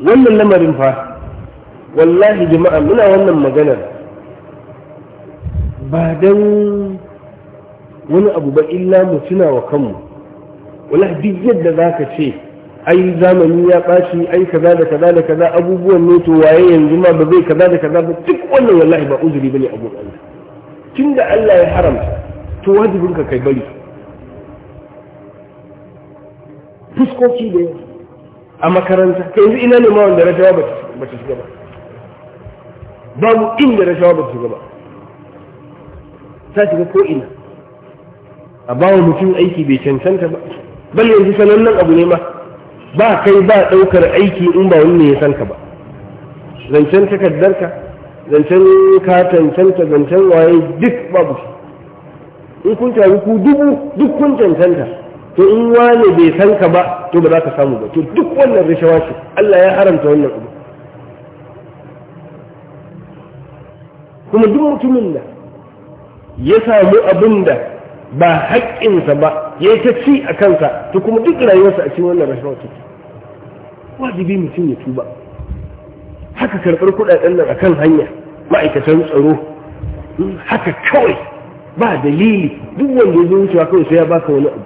wannan lamarin fa wallahi jama'a muna wannan maganar ba don wani abu ba illa mu tuna wa kanmu wala duk yadda za ka ce ai zamani ya ɓaci ai kaza da kaza da kaza abubuwan ne to waye yanzu ma ba zai kaza da kaza ba duk wannan wallahi ba uzuri bane abu Allah tun da Allah ya haramta to wajibin ka kai bari fuskoki da a makaranta kai yanzu ina ne ma wanda rashawa ba ta shiga ba babu inda rashawa ba ta shiga ba ta shiga ko'ina a bawa mutum aiki bai cancanta ba bal yanzu sanannen abu ne ma ba kai ba ɗaukar aiki in ba wani ne ya sanka ba zancen takardarka zancen ka cancanta zancen waye duk babu in kun tari ku dubu duk kun cancanta to in wane bai sanka ba to ba za ka samu ba to duk wannan rashawa shi Allah ya haramta wannan abu kuma duk mutumin da ya samu abin da ba haƙƙinsa ba ya yi ta ci a kansa to kuma duk rayuwarsa a cikin wannan rashawa ce wajibi mutum ya tuba haka karɓar kuɗaɗen nan a kan hanya ma'aikatan tsaro haka kawai ba dalili duk wanda ya zo wucewa kawai sai ya baka wani abu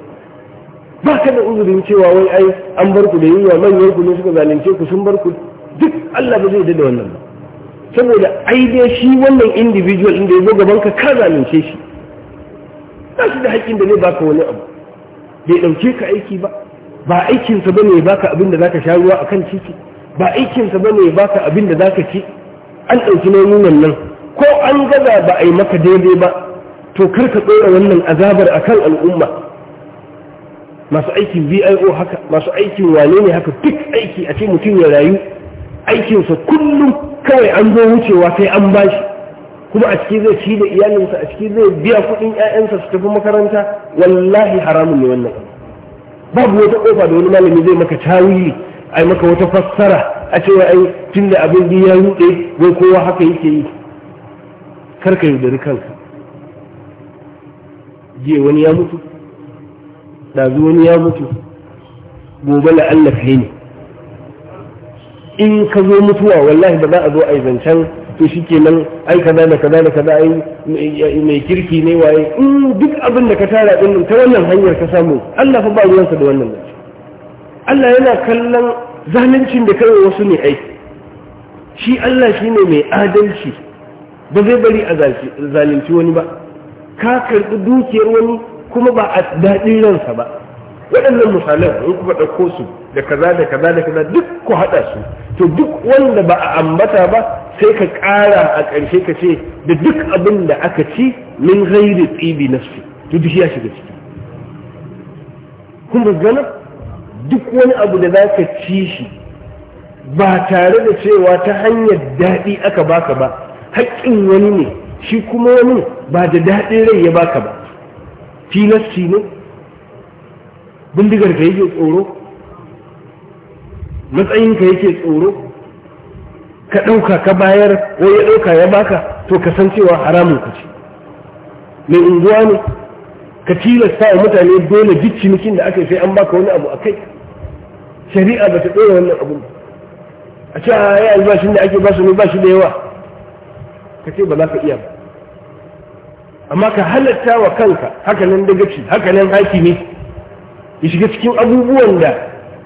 ba ka da uzurin cewa wai ai an bar ku da yiwuwa manyan ku ne suka zalunce ku sun bar ku duk Allah ba zai da wannan ba saboda ai shi wannan individual inda ya zo gaban ka ka zalunce shi ba shi da haƙƙin da zai baka wani abu bai ɗauke ka aiki ba ba aikinsa ne ya baka abin da za ka sha ruwa akan ciki ba aikinsa ne ya baka abin da za ka ci an ɗauki nauyin nan ko an gaza ba a yi maka daidai ba to kar ka tsora wannan azabar akan al'umma masu aikin bio haka masu aikin wane ne haka duk aiki a ce mutum ya rayu aikinsa kullum kawai an zo wucewa sai an bashi kuma a ciki zai ci da iyalinsa a ciki zai biya kuɗin 'ya'yansa su tafi makaranta wallahi haramun ne wannan babu wata kofa da wani malami zai maka tawili ai maka wata fassara a cewa ai da abin ya rute wai kowa haka yake yi karka yaudari kanka je wani ya mutu ɗazu wani ya mutu gobe la'allafa ne in ka zo mutuwa wallahi ba za a zo a yi zancen to shi kenan ai kaza da kaza da kaza ai mai kirki ne waye in duk abin da ka tara din ta wannan hanyar ka samu Allah fa ba ruwansa da wannan zance Allah yana kallon zaluncin da kai wasu ne ai shi Allah shi ne mai adalci ba zai bari a zalunci wani ba ka karɓi dukiyar wani kuma ba a daɗin ransa ba waɗannan misalan in kuka ɗauko su da kaza da kaza da kaza duk ku haɗa su to duk wanda ba a ambata ba sai ka ƙara a ƙarshe ka ce da duk abin da aka ci min ghairi tsibi nafsi to duk ya shiga ciki kuma gana duk wani abu da za ka ci shi ba tare da cewa ta hanyar daɗi aka baka ba haƙƙin wani ne shi kuma wani ba da daɗin rai ya baka ba tilasti ne bindigar ka yake tsoro matsayinka yake tsoro ka ɗauka ka bayar ko ya ɗauka ya baka to ka san cewa haramun ku ce mai unguwa ne ka tilasta wa mutane dole duk cinikin da aka yi sai an baka wani abu a kai shari'a ba ta ɗora wannan abu a ce a yi albashin da ake basu ne ba shi da yawa ka ce ba za ka iya ba amma ka halatta wa kanka hakanan dagaci hakanan ne ya shiga cikin abubuwan da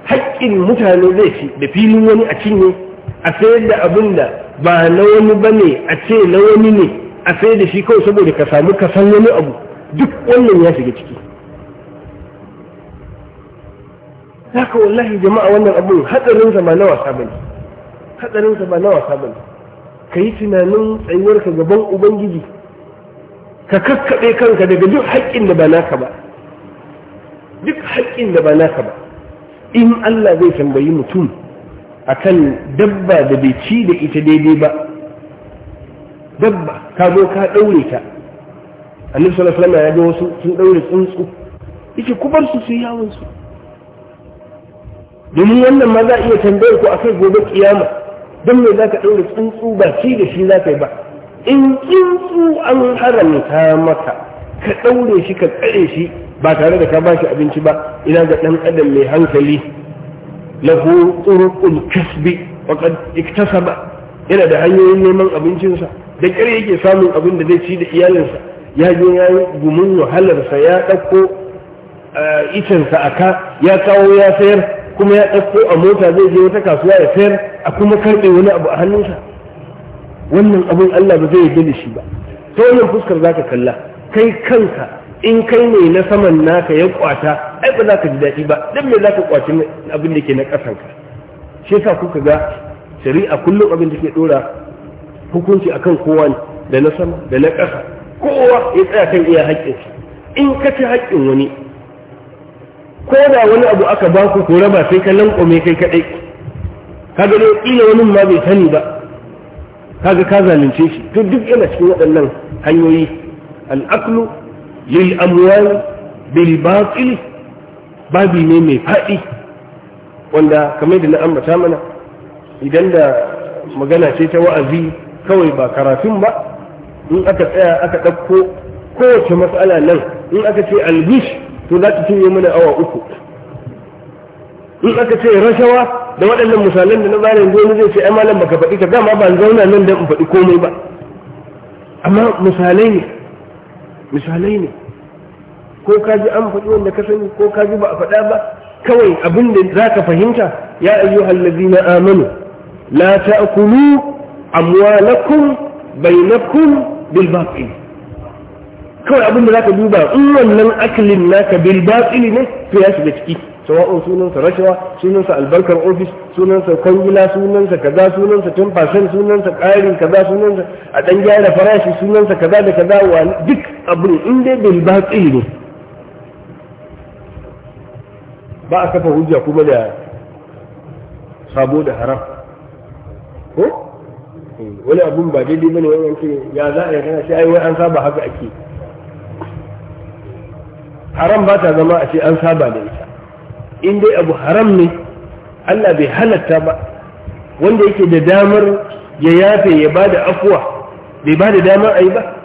haƙƙin mutane zai ci da filin wani a cinye a sayar da abin da ba na wani ba ne a ce na wani ne a sayar da shi kawai saboda ka samu ka san wani abu duk wannan ya shiga ciki haka wallahi jama'a wannan abin hatsarinsa ba na wasa ba ne hatsarinsa ba na wasa ba ne ka yi tunanin tsayuwarka gaban ubangiji ka kakkaɓe kanka daga duk haƙƙin da ba naka ba duk haƙƙin da ba naka ba in Allah zai tambayi mutum akan dabba da bai ci da ita daidai ba dabba ka zo ka ɗaure ta annabi sallallahu alaihi ya ga wasu sun ɗaure tsuntsu yace ku bar su su yawon su domin wannan ma za a iya tambayar ku akai gobe kiyama mai me ka ɗaure tsuntsu ba ci da shi za ka yi ba in tsuntsu an haramta maka ka ɗaure shi ka tsare shi ba tare da ka ba shi abinci ba ina ga ɗan adam mai hankali lahu turuqul kasbi wa qad iktasaba yana da hanyoyin neman abincinsa da ƙyar yake samun abin da zai ci da iyalinsa ya je ya yi gumin wahalarsa ya ɗauko eh, icinsa a ka ya kawo ya sayar kuma ya ɗauko a mota zai je wata kasuwa ya sayar a kuma karɓe wani abu a hannunsa wannan abin Allah ba zai yi da shi ba ta wannan fuskar zaka kalla kai kanka in kai ne na saman naka ya kwata ai ba za ka ji daɗi ba dan me za ka kwaci abin da ke na ƙasanka shi yasa kuka ga shari'a kullum abin da ke ɗora hukunci a kan kowa da na sama da na ƙasa kowa ya tsaya kan iya haƙƙinsa in ka ci haƙƙin wani ko da wani abu aka ba ku ko raba sai ka lankwame kai kaɗai ka gano ƙila wani ma bai sani ba kaga ka zalunce shi to duk yana cikin waɗannan hanyoyi al'aklu lil amwal bil batil babi ne mai faɗi wanda kamar da na ambata mana idan da magana ce ta wa'azi kawai ba karatun ba in aka tsaya aka ɗauko kowace matsala nan in aka ce albish to za ta cinye mana awa uku in aka ce rashawa da waɗannan misalan da na bayan wani zai ce ai malam baka faɗi ka dama ban zauna nan da in faɗi komai ba amma misalai ne misalai ne ko ka ji an faɗi wanda ka sani ko ka ji ba a faɗa ba kawai abin da za ka fahimta ya ayyuhal ladina amanu la ta'kulu amwalakum bainakum bil batil kawai abin da za ka duba in wannan aklin naka bil batil ne to ya shiga ciki sawa'un sunansa rashawa sunansa albarkar ofis sunansa kwangila sunansa kaza sunansa 10% sunansa ƙarin kaza sunansa a ɗan gyara farashi sunansa kaza da kaza wa duk abin inda bil batil ne ba a kafa hujja kuma da sabo da haram ko wani abun ba daidai bane wannan ce ya za a yi kana shi ai an saba haka ake haram ba ta zama a ce an saba da ita in dai abu haram ne Allah bai halatta ba wanda yake da damar ya yafe ya ba da afuwa bai ba da damar a yi ba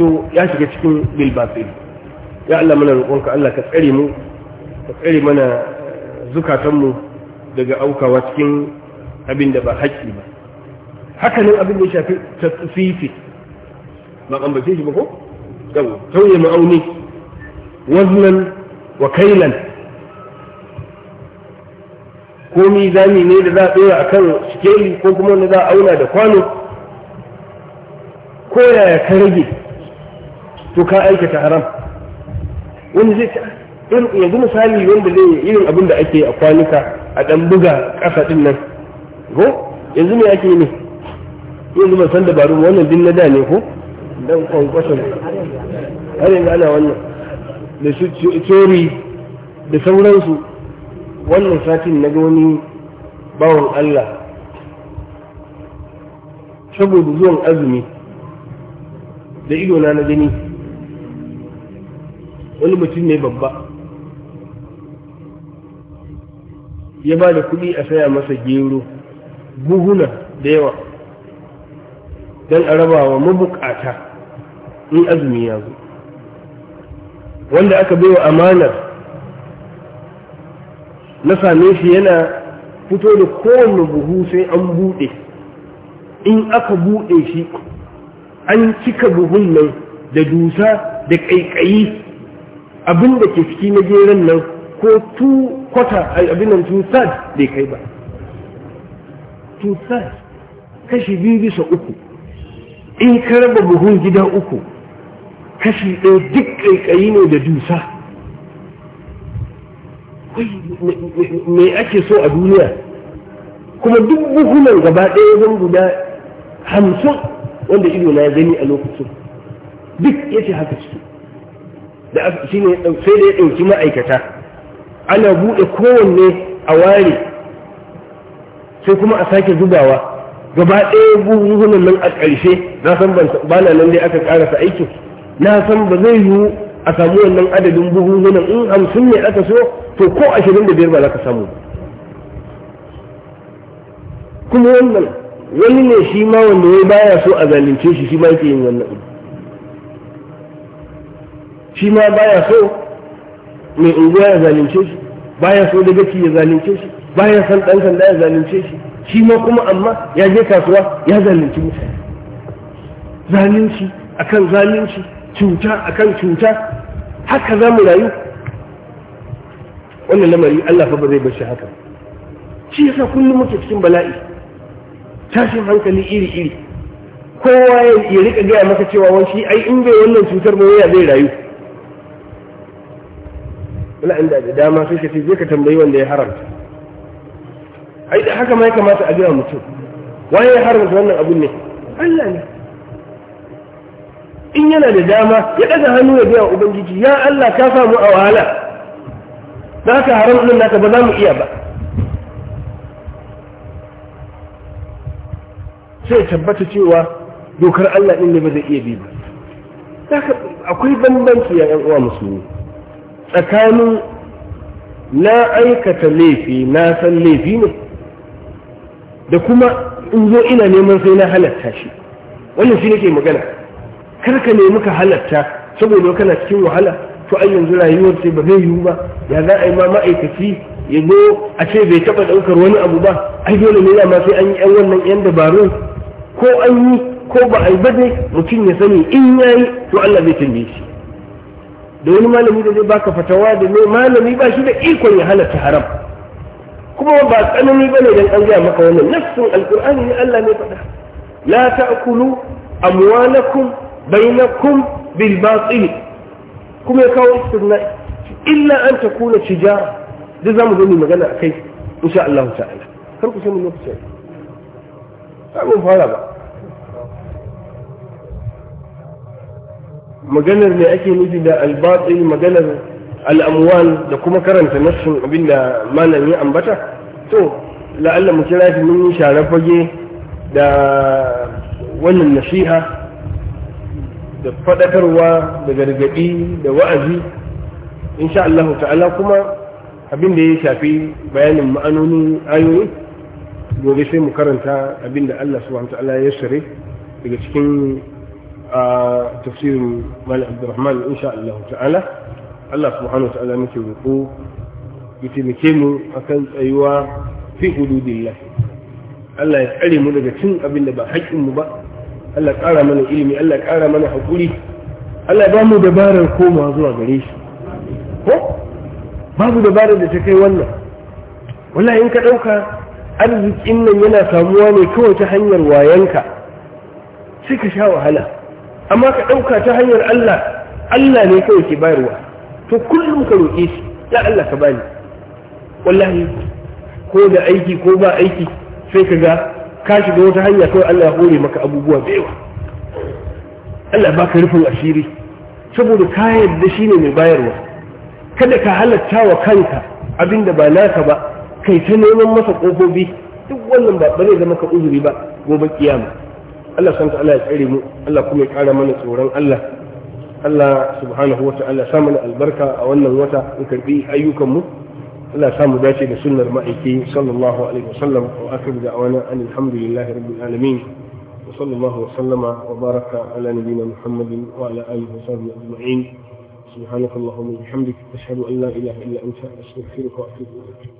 to ya shiga cikin bilbafi ya Allah mana roƙonka Allah ka tsare mu ka tsare mana eh, zukatanmu daga aukawa cikin abin da ba haƙƙi ba hakanan abin da ya shafi tasfifi ba ambace shi ba ko yawa tauye ma'auni waznan wa kailan ko mizani ne da za a tsora akan sikeli ko kuma wanda za a auna da kwano ko yaya ka rage to ka aikata haram wani zai yanzu misali wanda zai irin abin da ake a kwanuka a dan buga ƙasa din nan ko yanzu me ake ne yanzu ban san dabaru wannan din na da ne ko dan ne har yanzu ana wannan da su tori da sauransu wannan satin na ga wani bawan Allah saboda zuwan azumi da ido na na gani wani mutum ne babba ya ba da kuɗi a saya masa gero buhuna da yawa don a rabawa mabukata in azumi ya zo wanda aka baiwa amanar na same shi yana fito da kowane buhu sai an buɗe in aka buɗe shi an cika buhun nan da dusa da ƙaiƙayi abin da ke ciki na geran nan ko tu kwata abin nan tu sad bai kai ba tu sad kashi biyu bisa uku in ka raba buhun gida uku kashi ɗaya duk ƙaiƙayi ne da dusa me ake so a duniya kuma duk buhunan gaba ɗaya zan guda hamsin wanda ido na gani a lokacin duk ya haka ciki da shi ne sai da ya ɗauki ma'aikata ana buɗe kowanne a ware sai kuma a sake zubawa gaba ɗaya buhunan nan a ƙarshe na san ba na nan dai aka ƙarasa aikin na san ba zai yiwu a samu wannan adadin buhunan in hamsin ne aka so to ko ashirin da biyar ba za ka samu kuma wannan wani ne shi ma wanda ya baya so a zalunce shi shi ma yake yin wannan shi ma baya so mai unguwa ya zalunce shi baya so gaci ya zalunce shi baya san ɗan sanda ya zalunce shi shi ma kuma amma ya je kasuwa ya zalunci mutane zalunci akan zalunci cuta akan cuta haka za mu rayu wannan lamari Allah fa ba zai bar shi haka shi yasa kullum muke cikin bala'i tashin hankali iri iri kowa ya rika gaya maka cewa wani shi ai in bai wannan cutar ba ya zai rayu matsala inda da dama sai ka ce zai ka tambayi wanda ya haramta ai da haka ma ya kamata a gaya mutum waye ya haramta wannan abun ne Allah ne in yana da dama ya daga hannu ya biya ubangiji ya Allah ka mu a wahala da haka haram din naka ba za mu iya ba sai tabbata cewa dokar Allah din ne ba zai iya bi ba akwai bambanci ya yan uwa musulmi tsakanin na aikata laifi na san laifi ne da kuma in zo ina neman sai na halatta shi wannan shi nake magana kar ka nemi ka halatta saboda kana cikin wahala to ai yanzu rayuwar sai ba zai yiwu ba ya za a yi ma ma'aikaci ya zo a ce bai taɓa ɗaukar wani abu ba ai dole ne ma sai an yi yan wannan yan dabarun ko an yi ko ba a yi ba dai mutum ya sani in ya yi to Allah zai tambaye shi da wani malami da zai baka fatawa da mai malami ba shi da ikon ya halatta haram kuma ba tsanani ba ne don an gaya maka wannan nassin alkur'ani ne Allah ne faɗa la ta'kulu amwalakum bainakum bil batil kuma ya kawo istisna illa an takuna tijara duk zamu zo mu magana akai insha Allah ta'ala kar ku sani lokaci. ba mun fara ba maganar ne ake nufi da albatsin maganar al'amuwan da kuma karanta abin da abinda yi ambata to la'alla mu kira shi mun share fage da wannan nasiha da faɗakarwa da gargaɗi da wa'azi sha Allah ta'ala kuma abin da ya shafi bayanin ma'anoni, ayoyi gobe sai mu karanta abin da Allah su wa ta'ala ya sare daga cikin a tafsirin mali abdurrahman insha Allah ta'ala Allah subhanahu wa ta'ala muke roƙo ya taimake mu akan tsayuwa fi hududillah Allah ya tsare mu daga cin abin da ba haƙƙin mu ba Allah ƙara mana ilimi Allah ƙara mana haƙuri Allah ba mu dabarar koma zuwa gare shi babu dabarar da ta kai wannan wallahi in ka ɗauka arzikin nan yana samuwa ne kawai ta hanyar wayanka sai ka sha wahala amma ka ɗauka ta hanyar Allah Allah ne kawai ke bayarwa to kullum ka roƙe shi ya Allah ka bani wallahi ko da aiki ko ba aiki sai ka ga ka shiga wata hanya kawai Allah ya hore maka abubuwa da yawa Allah baka rufin asiri saboda ka yarda shi ne mai bayarwa kada ka halatta wa kanka abinda ba naka ba kai ta neman masa ƙofofi duk wannan ba ba zai zama ka uzuri ba gobe kiyama Allah san Allah ya tsare mu Allah kuma ya kara mana tsoron Allah Allah subhanahu wa ta'ala sa mana albarka a wannan wata in karbi ayyukan mu Allah sa mu dace da sunnar ma'aiki sallallahu alaihi wa sallam wa akhiru da'wana alhamdulillahi rabbil alamin wa sallallahu wa sallama wa baraka ala nabiyyina muhammadin wa ala alihi wa sahbihi ajma'in سبحانك اللهم وبحمدك أشهد أن لا إله إلا أنت أستغفرك وأتوب إليك